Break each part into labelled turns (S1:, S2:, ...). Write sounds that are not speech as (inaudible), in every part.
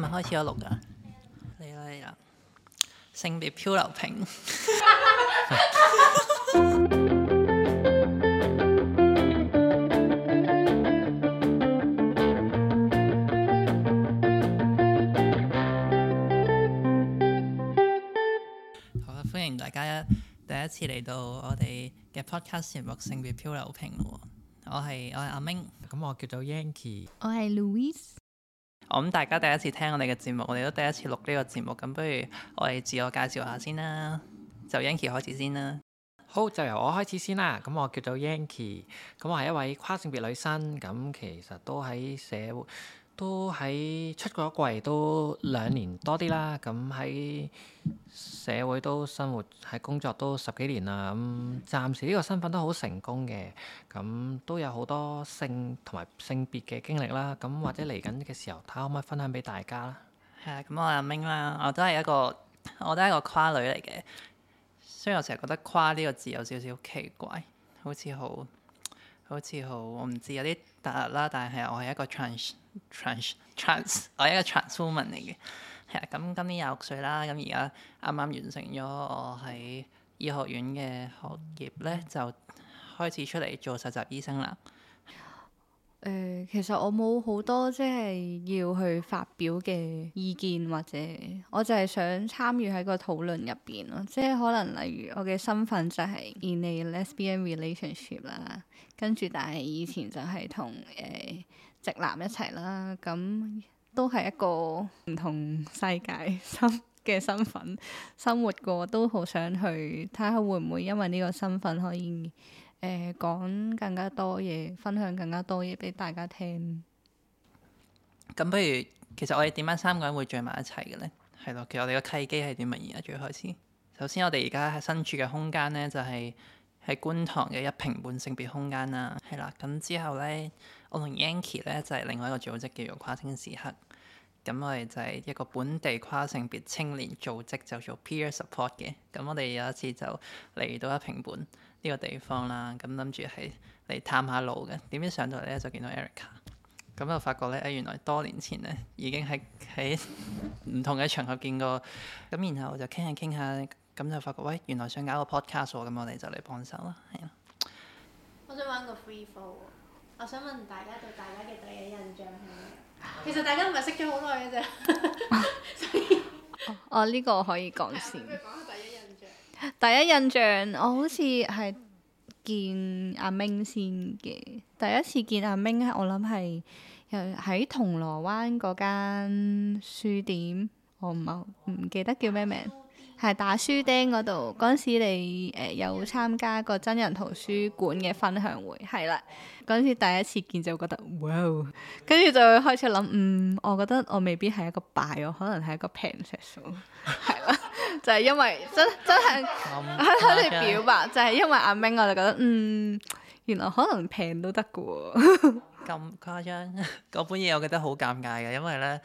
S1: 咪開始我錄㗎，嚟啦嚟啦，性別漂流瓶。好啦，歡迎大家一第一次嚟到我哋嘅 podcast 節目《性別漂流瓶》喎，我係我係阿明，咁我叫做 Yankee，我係 Louis。我諗大家第一次聽我哋嘅節目，我哋都第一次錄呢個節目，咁不如我哋
S2: 自我介紹下先啦，就 Yankee 開始先啦。好，就由我開始先啦。咁我叫做 Yankee，咁我係一位跨性別女生，咁其實都喺社會。都喺出嗰一季都兩年多啲啦，咁喺社會都生活喺工作都十幾年啦，咁暫時呢個身份都好成功嘅，咁都有好多性同埋性別嘅經歷啦，咁或者嚟緊嘅時候，睇下可唔可以分享俾大家。
S1: 係啊，咁我係明 i 啦，我都係一個，我都係一個跨女嚟嘅，雖然我成日覺得跨呢個字有少少奇怪，好似好，好似好，我唔知有啲突啦，但係我係一個、trans. trans trans 我係一個 trans woman 嚟嘅，係啊，咁今年廿六歲啦，咁而家啱啱完成咗我喺醫學院嘅學業咧，就開始出嚟做實習醫生啦。誒、
S3: 呃，其實我冇好多即係要去發表嘅意見或者，我就係想參與喺個討論入邊咯。即係可能例如我嘅身份就係 in a lesbian relationship 啦，跟住但係以前就係同誒。Uh, 直男一齊啦，咁都係一個唔同世界身嘅身份生活過，都好想去睇下會唔會因為呢個身份可以誒、呃、講更加多嘢，分享更加多嘢俾大家聽。
S1: 咁不如，其實我哋點解三個人會聚埋一齊嘅呢？係咯，其實我哋嘅契機係啲乜嘢啊？而家最開始，首先我哋而家身處嘅空間呢，就係、是、喺觀塘嘅一平半性別空間啦。係啦，咁之後呢。我同 Yankee 咧就係、是、另外一個組織，叫做跨青時刻。咁、嗯、我哋就係一個本地跨性別青年組織，就做 Peer Support 嘅。咁、嗯、我哋有一次就嚟到一平本呢個地方啦。咁諗住係嚟探下路嘅。點知上到嚟咧就見到 Erica。咁、嗯、就發覺咧，誒、哎、原來多年前咧已經係喺唔同嘅場合見過。咁、嗯嗯嗯、 (laughs) 然後就傾下傾下，咁、嗯嗯、就發覺，喂，原來想搞個 podcast 喎、哦。咁我哋就嚟幫手啦，係啊。我想玩個 free flow。
S3: 我想問大家對大家嘅第一印象係咩？其實大家唔係識咗好耐嘅咋。所以，哦呢個可以講先。第一印象。第一印象，我好似係見阿明先嘅。第一次見阿明，係我諗係又喺銅鑼灣嗰間書店。我唔好，唔記得叫咩名。係打書釘嗰度，嗰陣時你誒、呃、有參加過真人圖書館嘅分享會，係啦。嗰陣時第一次見就覺得哇，跟住 Wow. 就會開始諗，嗯，我覺得我未必係一個敗，我可能係一個平石數，係啦， (laughs) 就係、是、因為真真係喺度表白，就係、是、因為阿明，我就覺得，嗯，原來可能平都得嘅喎，咁 (laughs) 誇
S1: 張。我 (laughs) 本嘢我覺得好尷尬嘅，因為咧。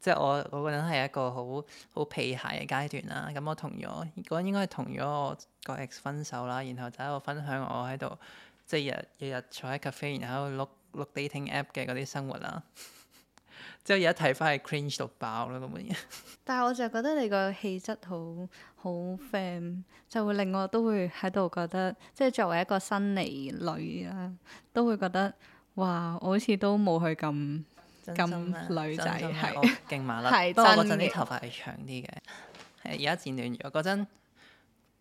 S1: 即係我我個人係一個好好皮鞋嘅階段啦，咁我同咗嗰應該係同咗我個 ex 分手啦，然後就喺度分享我喺度即係日日日坐喺咖啡，然後喺度碌碌 dating app 嘅嗰啲生活啦。之後而家睇翻係 cringe 到爆囉咁樣。
S3: 但係我就覺得你個氣質好好 fam，就會令我都會喺度覺得，即係作為一個新嚟女啦，都會覺得哇，我好似都冇佢咁。咁女仔係勁麻甩，不過嗰陣啲頭髮
S1: 係長啲嘅，係而家剪短咗。嗰陣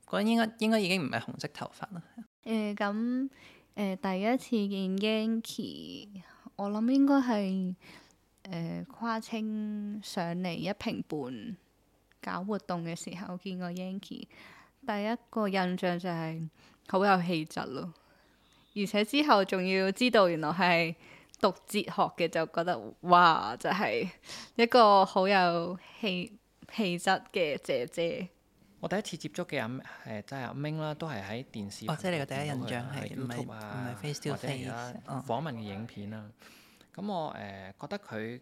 S1: 嗰陣應該應該已經唔係紅色頭髮啦。
S3: 誒咁誒第一次見 Yanky 我諗應該係誒跨青上嚟一平半搞活動嘅時候見過 Yanky 第一個印象就係、是、好有氣質咯，而且之後仲要知道原來係。讀哲學嘅就覺得，哇！就係、是、一個好有氣氣質嘅姐姐。
S2: 我第一次接觸嘅阿誒即係阿明啦，都係喺電視、哦啊、或者你嘅第一印象係唔係唔係 face to face 訪問嘅影片啦、啊。咁、哦、我誒、呃、覺得佢誒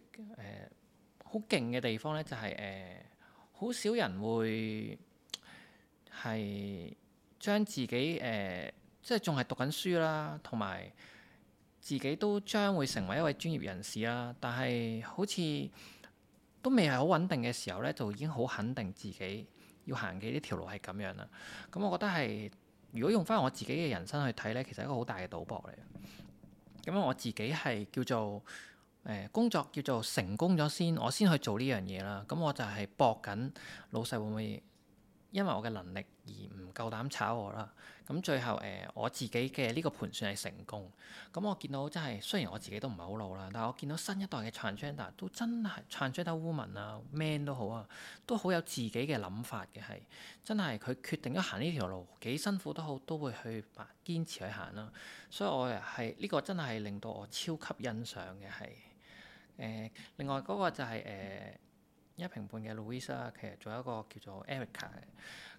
S2: 好勁嘅地方咧、就是，就係誒好少人會係將自己誒、呃、即係仲係讀緊書啦，同埋。自己都將會成為一位專業人士啦，但係好似都未係好穩定嘅時候呢，就已經好肯定自己要行嘅呢條路係咁樣啦。咁、嗯、我覺得係，如果用返我自己嘅人生去睇呢，其實一個好大嘅賭博嚟。咁、嗯、我自己係叫做、呃、工作叫做成功咗先，我先去做呢樣嘢啦。咁、嗯、我就係搏緊老細會唔會？因為我嘅能力而唔夠膽炒我啦，咁最後誒、呃、我自己嘅呢個盤算係成功，咁我見到真係雖然我自己都唔係好老啦，但係我見到新一代嘅 transgender 都真係 transgender woman 啊 man 都好啊，都好有自己嘅諗法嘅係，真係佢決定咗行呢條路幾辛苦都好都會去堅持去行咯，所以我係呢、這個真係令到我超級欣賞嘅係誒，另外嗰個就係、是、誒。呃一評判嘅 Louisa 其實仲有一個叫做 Erica 嘅。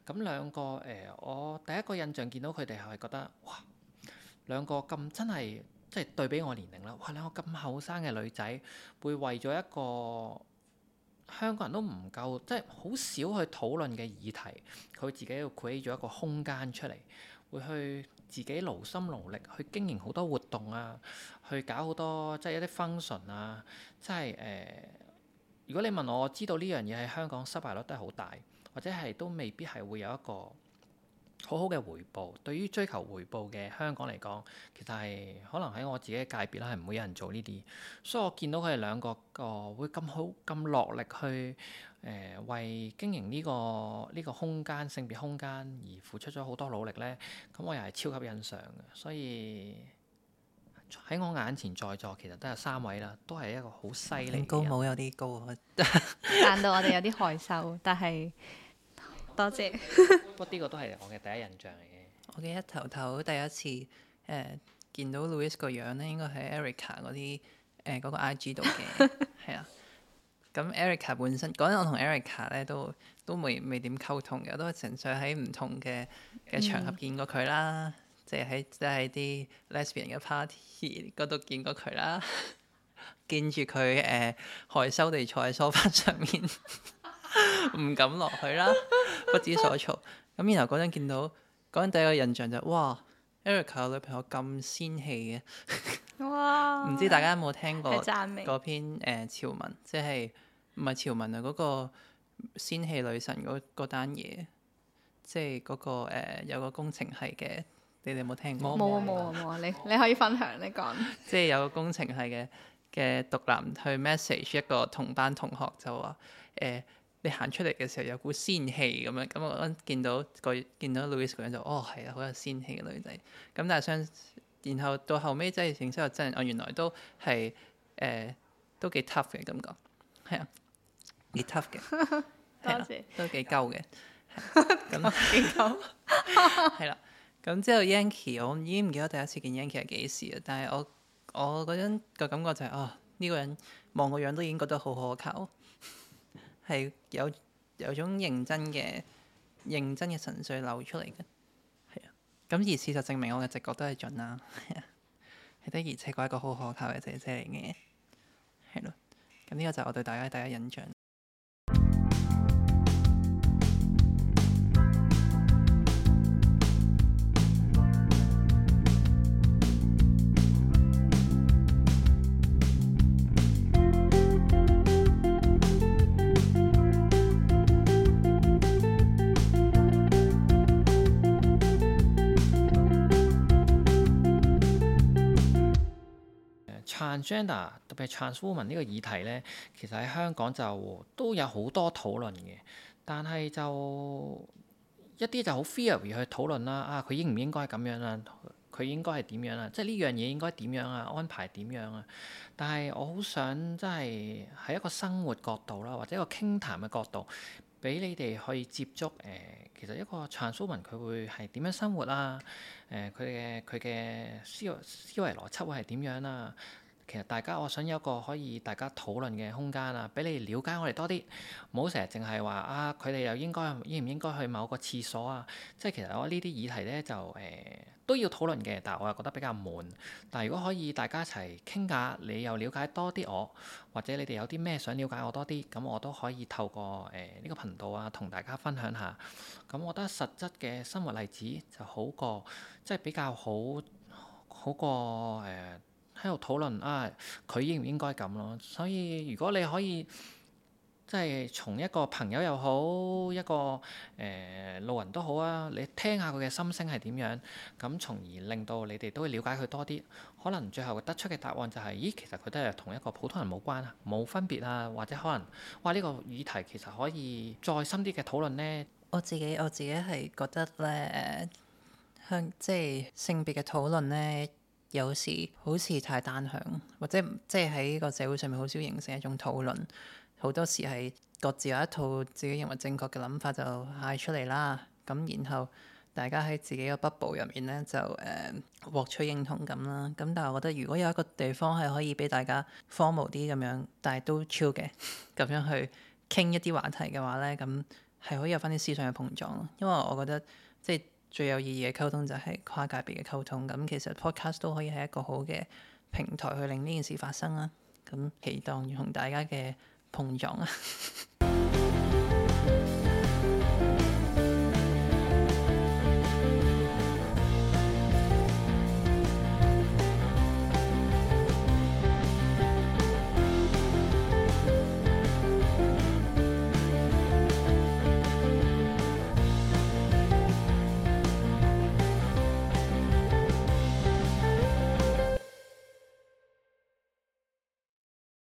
S2: 咁兩個誒、呃，我第一個印象見到佢哋係覺得，哇！兩個咁真係即係對比我年齡啦，哇！兩個咁後生嘅女仔，會為咗一個香港人都唔夠，即係好少去討論嘅議題，佢自己要 create 咗一個空間出嚟，會去自己勞心勞力去經營好多活動啊，去搞好多即係一啲 function 啊，即係誒。呃如果你問我，我知道呢樣嘢喺香港失敗率都係好大，或者係都未必係會有一個好好嘅回報。對於追求回報嘅香港嚟講，其實係可能喺我自己嘅界別啦，係唔會有人做呢啲。所以我見到佢哋兩個個會咁好、咁落力去誒、呃、為經營呢、呢個呢、呢個空間、性別空間而付出咗好多努力咧，咁我又係超級欣賞嘅。所以。喺我眼前在座，其實都有三位啦，都係一個好犀利。高帽有啲高，
S3: 彈 (laughs) 到我哋有啲害羞，但係 (laughs) 多謝。
S2: 不過呢個都係我嘅第一印象嚟
S3: 嘅。我記得頭頭第一次
S1: 誒、呃、見到 Louis 個樣咧，應該喺 Erica 嗰啲誒嗰、呃那個 IG 度嘅，係 (laughs) 啊。咁 Erica 本身嗰陣、那個、我同 Erica 咧都都未未點溝通嘅，我都係純粹喺唔同嘅嘅場合見過佢啦。嗯就喺就喺啲 lesbian 嘅 party 嗰度見過佢啦，見住佢誒害羞地坐喺梳 o 上面，唔 (laughs) 敢落去啦，不知所措。咁 (laughs) 然後嗰陣見到嗰陣第一個印象就是、哇，Erica 嘅女朋友咁仙氣
S3: 嘅哇，唔知大家有冇
S1: 聽過嗰篇誒、呃、潮文，即係唔係潮文啊？嗰、那個仙氣女神嗰單嘢，即係嗰、那個、呃、有個工程係嘅。你哋有冇聽過？冇啊冇
S3: 啊冇啊！吧你你可以分享，你講。
S1: 即係 (laughs) 有個工程系嘅嘅毒男去 message 一個同班同學就，就話：誒，你行出嚟嘅時候有股仙氣咁樣。咁我到見到個見到 Louis 個樣就，哦，係啊，好有仙氣嘅女仔。咁但係相，然後到後尾，真係認識個真人，我原來都係誒都幾 tough 嘅感覺。係啊，幾 tough 嘅。多謝。都幾鳩嘅。咁幾鳩？係啦。咁之後，Yankey 我已經唔記得第一次見 Yankey 係幾時啦。但係我我嗰陣個感覺就係啊，呢個人望個樣都已經覺得好可靠，係 (laughs) 有有種認真嘅認真嘅純粹流出嚟嘅係啊。咁而事實證明，我嘅直覺都係準啦。係得，而且確係一個好可靠嘅姐姐嚟嘅，係咯。咁呢個就係我對大家第一印象。
S2: Gender 特別 trans woman 呢個議題咧，其實喺香港就都有好多討論嘅，但係就一啲就好 feelly 去討論啦。啊，佢應唔應該咁樣啊？佢應該係點樣啊？即係呢樣嘢應該點樣啊？安排點樣啊？但係我好想即係喺一個生活角度啦，或者一個傾談嘅角度，俾你哋可以接觸誒、呃，其實一個 trans woman 佢會係點樣生活啊？誒、呃，佢嘅佢嘅思思維邏輯會係點樣啊？其實大家，我想有一個可以大家討論嘅空間啊，俾你了解我哋多啲，唔好成日淨係話啊，佢哋又應該應唔應該去某個廁所啊？即係其實我呢啲議題咧，就誒、呃、都要討論嘅，但係我又覺得比較悶。但係如果可以大家一齊傾下，你又了解多啲我，或者你哋有啲咩想了解我多啲，咁我都可以透過誒呢、呃這個頻道啊，同大家分享下。咁我覺得實質嘅生活例子就好過，即係比較好，好過誒。呃喺度討論啊，佢應唔應該咁咯？所以如果你可以，即係從一個朋友又好，一個誒路人都好啊，你聽下佢嘅心聲係點樣，咁從而令到你哋都會了解佢多啲。可能最後得出嘅答案就係，咦，其實佢都係同一個普通人冇關啊，冇分別啊，或者可能，哇！呢個議題其實可以再深啲嘅討論呢？
S1: 我自己我自己係覺得咧，即係性別嘅討論呢。有時好似太單向，或者即係喺個社會上面好少形成一種討論。好多時係各自有一套自己認為正確嘅諗法就嗌出嚟啦。咁然後大家喺自己個 bubble 入面呢，就誒、呃、獲取認同感啦。咁但係我覺得如果有一個地方係可以俾大家 formal 啲咁樣，但係都 chill 嘅咁樣去傾一啲話題嘅話呢，咁係可以有返啲思想嘅碰撞咯。因為我覺得即係。最有意義嘅溝通就係跨界別嘅溝通，咁其實 podcast 都可以係一個好嘅平台去令呢件事發生啦，啊，咁期待同大家嘅碰撞啊！ (laughs)